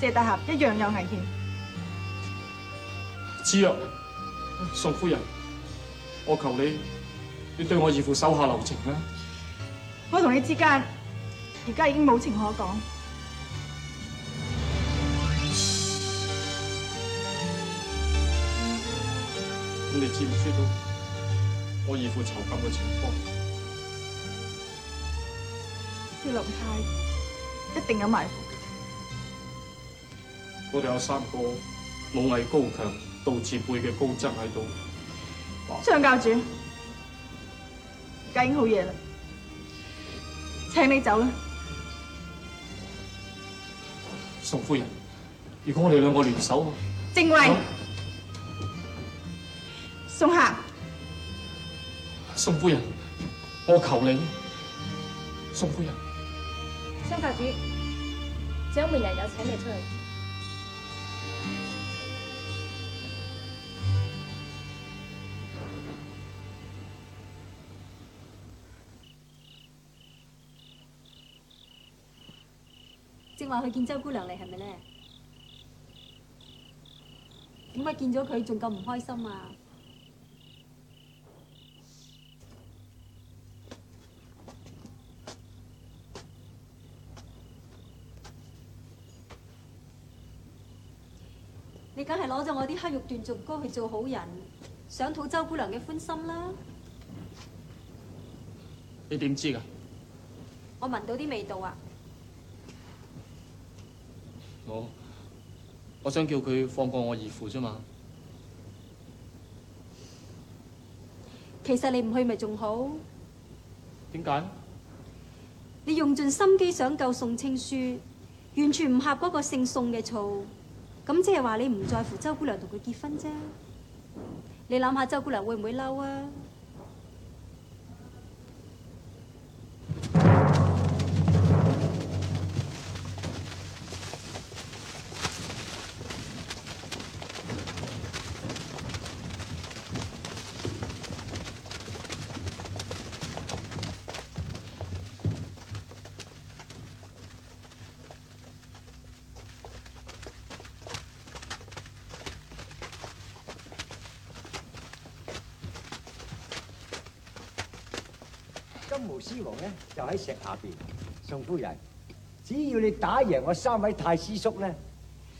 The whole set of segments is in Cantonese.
謝大俠一樣有危險。知若宋夫人，我求你，你對我義父手下留情啦。我同你之間，而家已經冇情可講。你知唔知道我義父囚禁嘅情況？少龍，一定有埋伏。我哋有三個武藝高強、道字輩嘅高僧喺度。張教主，而家好夜嘞，請你走啦，啊。宋夫人，如果我哋兩個聯手，正位！宋客，宋，宋夫人，我求你，宋夫人。張教主，掌門人有請你出去。正話去見周姑娘嚟，係咪咧？點解見咗佢仲咁唔開心啊？你梗係攞咗我啲黑玉斷續膏去做好人，想討周姑娘嘅歡心啦？你點知噶？我聞到啲味道啊！我我想叫佢放過我義父啫嘛。其實你唔去咪仲好？點解？你用盡心機想救宋青書，完全唔合嗰個姓宋嘅醋，咁即係話你唔在乎周姑娘同佢結婚啫。你諗下周姑娘會唔會嬲啊？獅王呢就喺石下邊，宋夫人，只要你打贏我三位太師叔呢，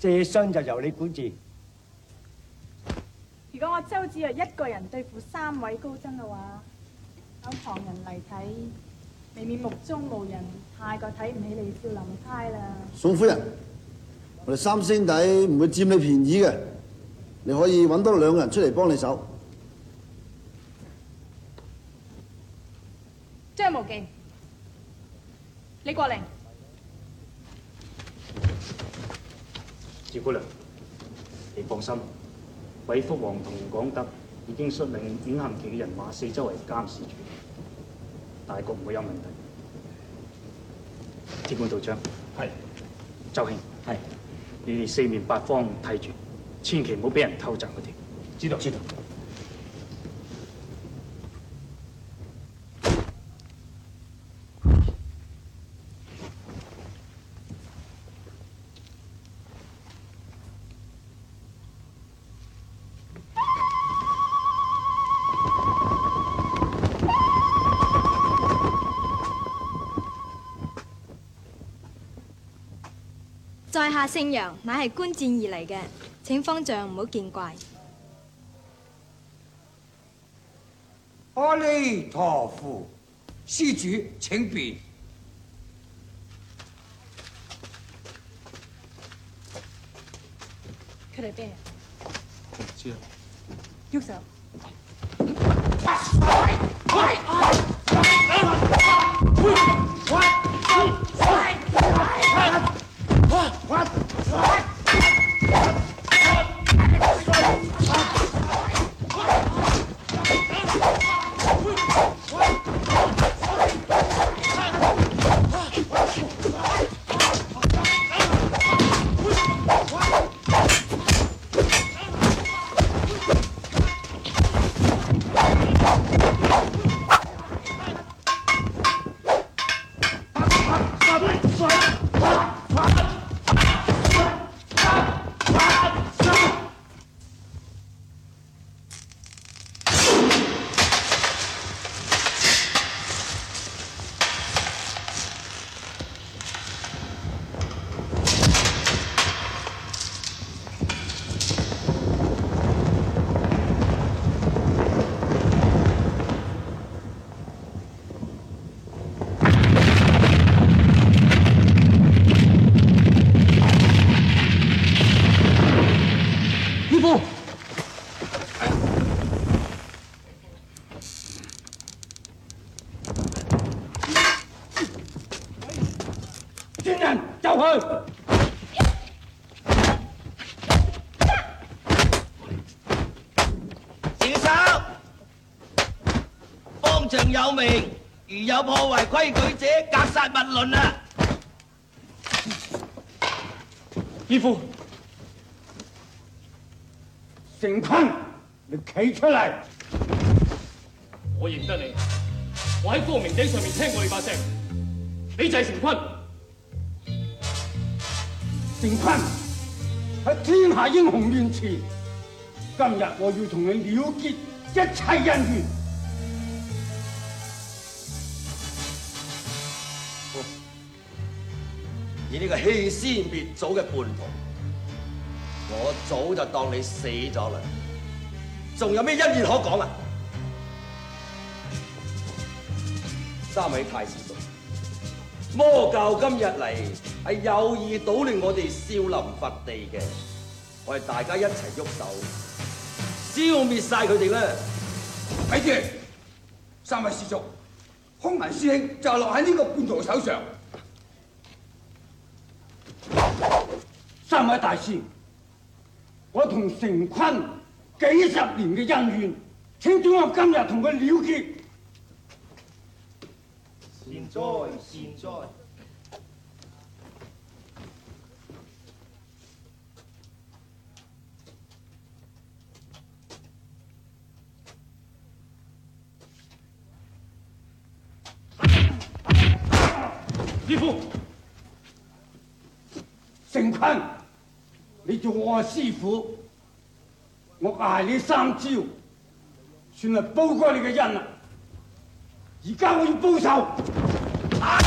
謝遜就由你管治。如果我周芷若一個人對付三位高僧嘅話，有旁人嚟睇，未免目中無人，太過睇唔起你少林派啦。宋夫人，我哋三兄弟唔會佔你便宜嘅，你可以揾多兩個人出嚟幫你手。李福王同廣德已經率領遠行旗嘅人馬四周圍監視住，大局唔會有問題。鐵管道長係，周慶係，你哋四面八方睇住，千祈唔好俾人偷襲佢哋。知道，知道。姓楊乃係觀戰而嚟嘅，請方丈唔好見怪。阿彌陀佛，施主請便。佢哋喺邊？我唔知。喐手。如有破壞規矩者，格殺勿論啊！義父，成昆，你企出嚟！我認得你，我喺光明頂上面聽過你把聲。你就係成昆。成昆，喺天下英雄面前，今日我要同你了結一切恩怨。你呢個欺師滅祖嘅叛徒，我早就當你死咗啦，仲有咩恩怨可講啊？三位太師叔，魔教今日嚟係有意搗亂我哋少林佛地嘅，我哋大家一齊喐手，消滅晒佢哋啦！睇住，三位師叔，空聞師兄就落喺呢個叛徒手上。三位大師，我同成昆幾十年嘅恩怨，請准我今日同佢了結。善哉善哉。義父。坤，你做我師傅，我挨你三招，算係報過你嘅恩啦。而家我要報仇。哎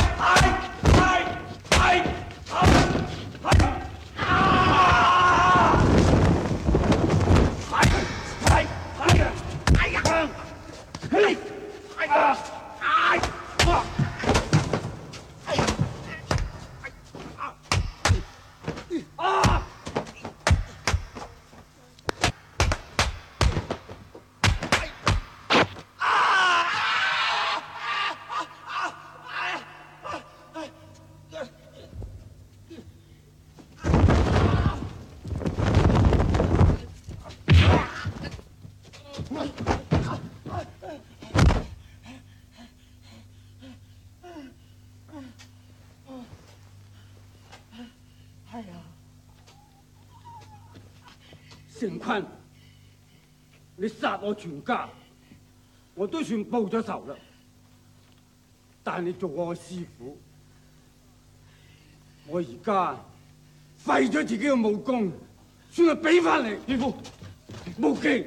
哎哎哎係啊，成坤，你殺我全家，我都算報咗仇啦。但係你做我師傅，我而家廢咗自己嘅武功，算係俾翻嚟。師傅，無忌。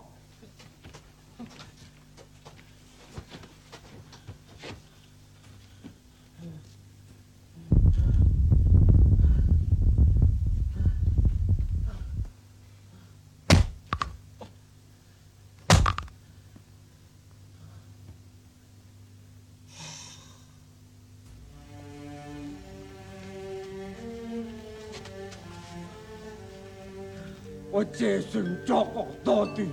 我謝信作惡多端，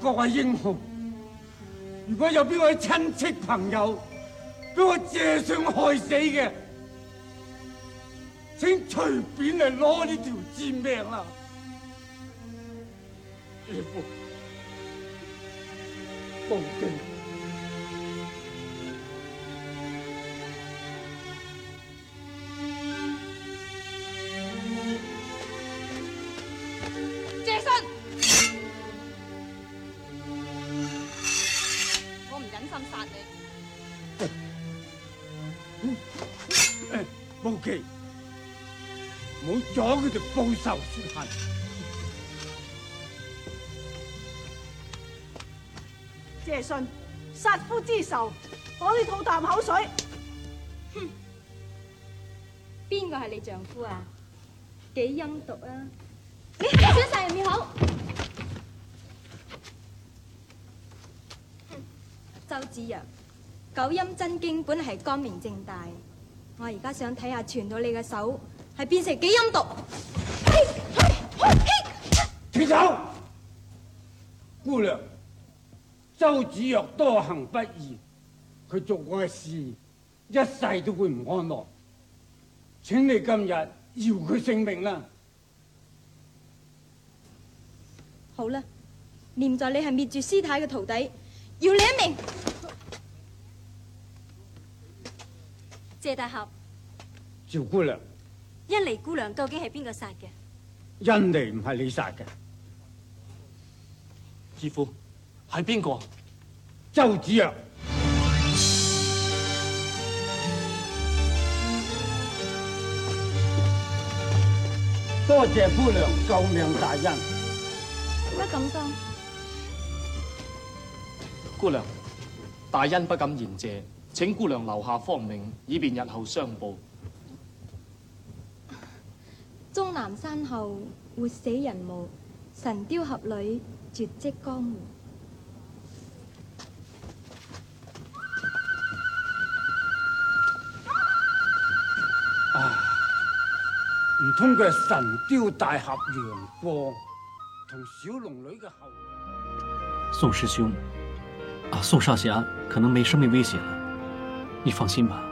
各位英雄，如果有邊位親戚朋友俾我謝信害死嘅，請隨便嚟攞呢條賤命啦！師傅，報仇雪恨，謝信殺夫之仇，我哋吐啖口水。哼，邊個係你丈夫啊？幾陰毒啊！你想殺人滅口周芷若，啊，九陰真經本係光明正大，我而家想睇下傳到你嘅手係變成幾陰毒。停手！姑娘，周芷若多行不義，佢做過嘅事，一世都會唔安樂。請你今日饒佢性命啦。好啦，念在你係滅絕師太嘅徒弟，饒你一命。謝大俠。趙姑娘。殷離姑娘究竟係邊個殺嘅？恩妮唔係你殺嘅，知府係邊個？周子陽，多謝姑娘救命大恩，乜咁當。姑娘大恩不敢言謝，請姑娘留下芳名，以便日後相報。終南山後活死人墓，神鵰俠侶絕跡江湖。啊！唔通佢係神鵰大俠楊過同小龍女嘅後人？宋師兄，啊，宋少俠可能沒生命危險，你放心吧。